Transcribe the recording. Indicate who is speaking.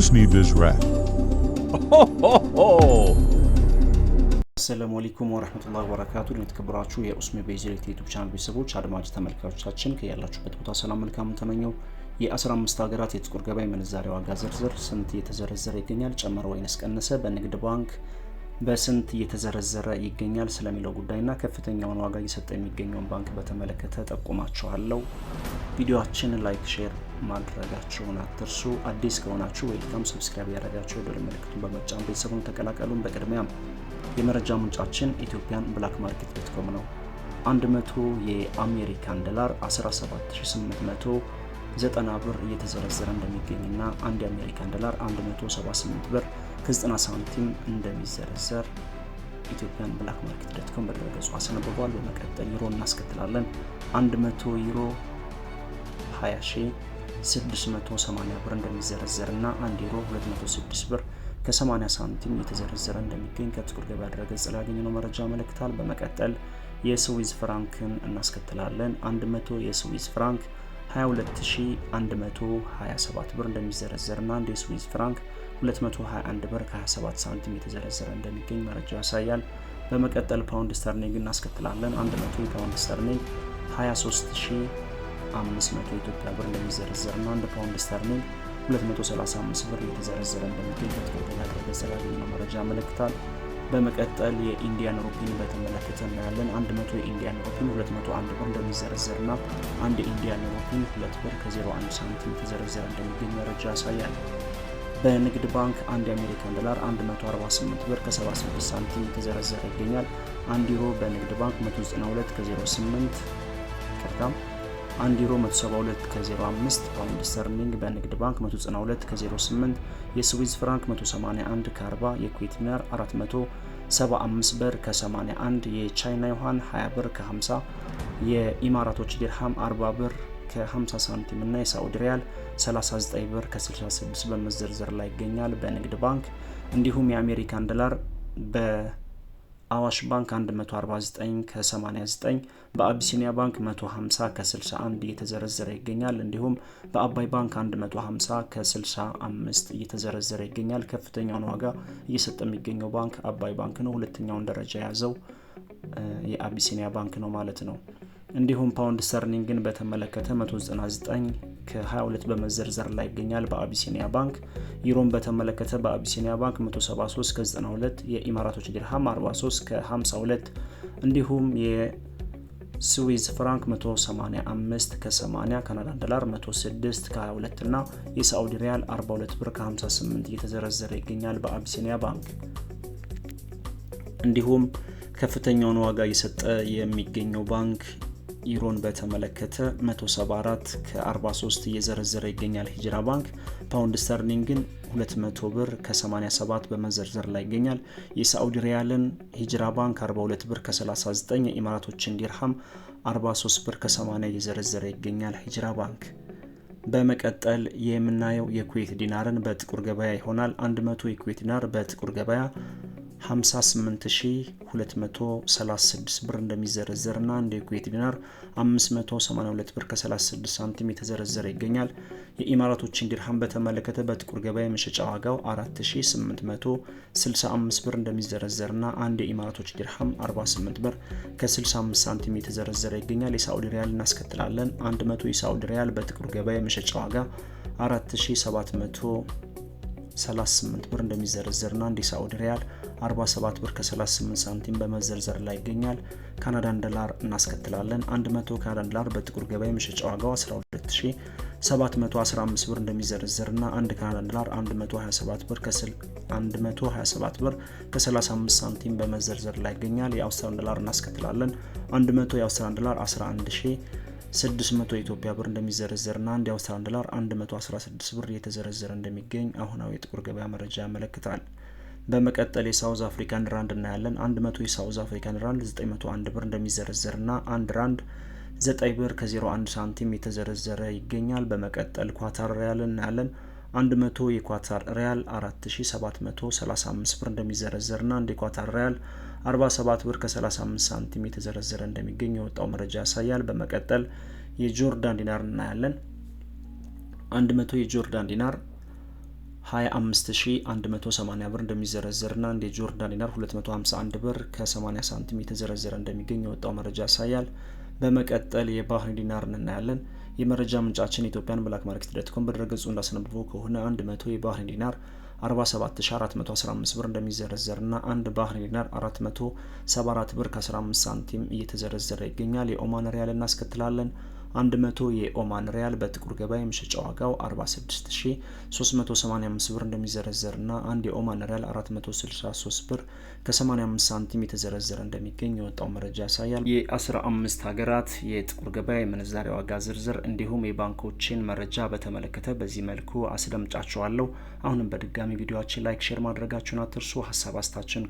Speaker 1: just need this rat.
Speaker 2: አሰላሙ አለይኩም ወረህመቱላሂ ወበረካቱ። የተከበራችሁ የኡስሚ ቤዝሬት ዩቱብ ቻናል ቤተሰቦች አድማጭ ተመልካቾቻችን ከያላችሁበት ቦታ ሰላም መልካም ተመኘው። የ15 ሀገራት የጥቁር ገበያ ምንዛሬ ዋጋ ዝርዝር ስንት እየተዘረዘረ ይገኛል? ጨመረ ወይንስ ቀነሰ? በንግድ ባንክ በስንት እየተዘረዘረ ይገኛል ስለሚለው ጉዳይና ከፍተኛውን ዋጋ እየሰጠ የሚገኘውን ባንክ በተመለከተ ጠቁማችኋለሁ። ቪዲዮችን ላይክ፣ ሼር ማድረጋችሁን አትርሱ። አዲስ ከሆናችሁ ዌልካም፣ ሰብስክራይብ ያደረጋችሁ የደወል ምልክቱን በመጫን ቤተሰቡን ተቀላቀሉን። በቅድሚያ የመረጃ ምንጫችን ኢትዮጵያን ብላክ ማርኬት ዶት ኮም ነው። 100 የአሜሪካን ዶላር 17800 90 ብር እየተዘረዘረ እንደሚገኝና አንድ የአሜሪካን ዶላር 178 ብር ከ90 ሳንቲም እንደሚዘረዘር ኢትዮጵያን ብላክ ማርኬት ዶት ኮም በድረገጹ አስነብቧል። በመቀጠል ዩሮ እናስከትላለን። 100 ዩሮ 20680 ብር እንደሚዘረዘር እንደሚዘረዘርና 1 ዩሮ 206 ብር ከ80 ሳንቲም እየተዘረዘረ እንደሚገኝ ከጥቁር ገበያ ድረገጽ ላይ ያገኘነው መረጃ ያመለክታል። በመቀጠል የስዊዝ ፍራንክን እናስከትላለን። 100 የስዊዝ ፍራንክ 22127 ብር እንደሚዘረዘርና አንድ የስዊዝ ፍራንክ 221 ብር ከ27 ሳንቲም የተዘረዘረ እንደሚገኝ መረጃ ያሳያል። በመቀጠል ፓውንድ ስተርሊንግ እናስከትላለን። 100 የፓውንድ ስተርሊንግ 23500 ኢትዮጵያ ብር እንደሚዘረዘርና አንድ ፓውንድ ስተርሊንግ 235 ብር የተዘረዘረ እንደሚገኝ በትሬዲንግ ዘጋቢ መረጃ ያመለክታል። በመቀጠል የኢንዲያን ሩፒን በተመለከተ እናያለን። 100 የኢንዲያን ሩፒን 201 ብር ና አንድ የኢንዲያን ሩፒን 2 ብር ከ01 ሳንቲም ተዘረዘረ እንደሚገኝ መረጃ ያሳያል። በንግድ ባንክ አንድ የአሜሪካን ዶላር 148 ብር ከ76 ሳንቲም ተዘረዘረ ይገኛል። አንድ ዩሮ በንግድ ባንክ 192 ከ08 ቅርታም አንድ ዩሮ 172 ከ05 ፓውንድ ስተርሊንግ በንግድ ባንክ 192 ከ08 የስዊዝ ፍራንክ 181 ከ40 የኩዌት ዲናር 475 ብር ከ81 የቻይና ዮሐን 20 ብር ከ50 የኢማራቶች ዲርሃም 40 ብር ከ50 ሳንቲም እና የሳዑዲ ሪያል 39 ብር ከ66 በመዘርዘር ላይ ይገኛል በንግድ ባንክ እንዲሁም የአሜሪካን ዶላር በ አዋሽ ባንክ 149 ከ89 በአቢሲኒያ ባንክ 150 ከ61 እየተዘረዘረ ይገኛል። እንዲሁም በአባይ ባንክ 150 ከ65 እየተዘረዘረ ይገኛል። ከፍተኛውን ዋጋ እየሰጠ የሚገኘው ባንክ አባይ ባንክ ነው። ሁለተኛውን ደረጃ የያዘው የአቢሲኒያ ባንክ ነው ማለት ነው። እንዲሁም ፓውንድ ስተርሊንግን በተመለከተ 199 ከ22 በመዘርዘር ላይ ይገኛል። በአቢሲኒያ ባንክ ዩሮን በተመለከተ በአቢሲኒያ ባንክ 173 ከ92፣ የኢማራቶች ዲርሃም 43 ከ52፣ እንዲሁም የስዊዝ ፍራንክ 185 ከ80፣ ካናዳን ዶላር 106 ከ22 እና የሳዑዲ ሪያል 42 ብር ከ58 እየተዘረዘረ ይገኛል በአቢሲኒያ ባንክ እንዲሁም ከፍተኛውን ዋጋ እየሰጠ የሚገኘው ባንክ ኢሮን በተመለከተ 174 ከ43 እየዘረዘረ ይገኛል ሂጅራ ባንክ። ፓውንድ ስተርሊንግን 200 ብር ከ87 በመዘርዘር ላይ ይገኛል። የሳዑዲ ሪያልን ሂጅራ ባንክ 42 ብር ከ39፣ የኢማራቶችን ዲርሃም 43 ብር ከ80 እየዘረዘረ ይገኛል ሂጅራ ባንክ። በመቀጠል የምናየው የኩዌት ዲናርን በጥቁር ገበያ ይሆናል። 100 የኩዌት ዲናር በጥቁር ገበያ 58236 ብር እንደሚዘረዘር ና እንደ ኩዌት ዲናር 582 ብር ከ36 ሳንቲም የተዘረዘረ ይገኛል። የኢማራቶችን ዲርሃም በተመለከተ በጥቁር ገበያ የመሸጫ ዋጋው 4865 ብር እንደሚዘረዘር ና አንድ የኢማራቶች ዲርሃም 48 ብር ከ65 ሳንቲም የተዘረዘረ ይገኛል። የሳዑዲ ሪያል እናስከትላለን። 100 የሳዑዲ ሪያል በጥቁር ገበያ የመሸጫ ዋጋ 4700 38 ብር እንደሚዘረዘርና አንድ የሳዑዲ ሪያል 47 ብር ከ38 ሳንቲም በመዘርዘር ላይ ይገኛል። ካናዳን ዶላር እናስከትላለን። 100 ካናዳን ዶላር በጥቁር ገበያ የመሸጫ ዋጋው 12715 ብር እንደሚዘረዘርና አንድ ካናዳን ዶላር 127 ብር ከ127 ብር ከ35 ሳንቲም በመዘርዘር ላይ ይገኛል። የአውስትራሊያን ዶላር እናስከትላለን። 100 የአውስትራሊያን ዶላር 11 600 የኢትዮጵያ ብር እንደሚዘረዘርና አንድ የአውስትራሊያን ዶላር 116 ብር እየተዘረዘረ እንደሚገኝ አሁናዊ የጥቁር ገበያ መረጃ ያመለክታል። በመቀጠል የሳውዝ አፍሪካን ራንድ እናያለን። 100 የሳውዝ አፍሪካን ራንድ 901 ብር እንደሚዘረዘርና አንድ ራንድ 9 ብር ከ01 ሳንቲም የተዘረዘረ ይገኛል። በመቀጠል ኳታር ሪያል እናያለን። 100 የኳታር ሪያል 4735 ብር እንደሚዘረዘርና አንድ የኳታር ሪያል 47 ብር ከ35 ሳንቲም የተዘረዘረ እንደሚገኝ የወጣው መረጃ ያሳያል። በመቀጠል የጆርዳን ዲናር እናያለን። 100 የጆርዳን ዲናር 25180 ብር እንደሚዘረዘርና አንድ የጆርዳን ዲናር 251 ብር ከ80 ሳንቲም የተዘረዘረ እንደሚገኝ የወጣው መረጃ ያሳያል። በመቀጠል የባህሬን ዲናር እናያለን። የመረጃ ምንጫችን ኢትዮጵያን ብላክ ማርኬት ዶት ኮም በድረገጹ እንዳስነብበው ከሆነ 100 የባህሬን ዲናር 47415 ብር እንደሚዘረዘርና አንድ ባህሪ ዲናር 474 ብር ከ15 ሳንቲም እየተዘረዘረ ይገኛል። የኦማን ሪያል እናስከትላለን። 100 የኦማን ሪያል በጥቁር ገበያ የመሸጫ ዋጋው 46385 ብር እንደሚዘረዘርና አንድ የኦማን ሪያል 463 ብር ከ85 ሳንቲም የተዘረዘረ እንደሚገኝ የወጣው መረጃ ያሳያል። የ15 ሀገራት የጥቁር ገበያ የምንዛሬ ዋጋ ዝርዝር እንዲሁም የባንኮችን መረጃ በተመለከተ በዚህ መልኩ አስደምጫችኋለሁ። አሁንም በድጋሚ ቪዲዮችን ላይክ፣ ሼር ማድረጋችሁን አትርሱ። ሀሳብ አስታችን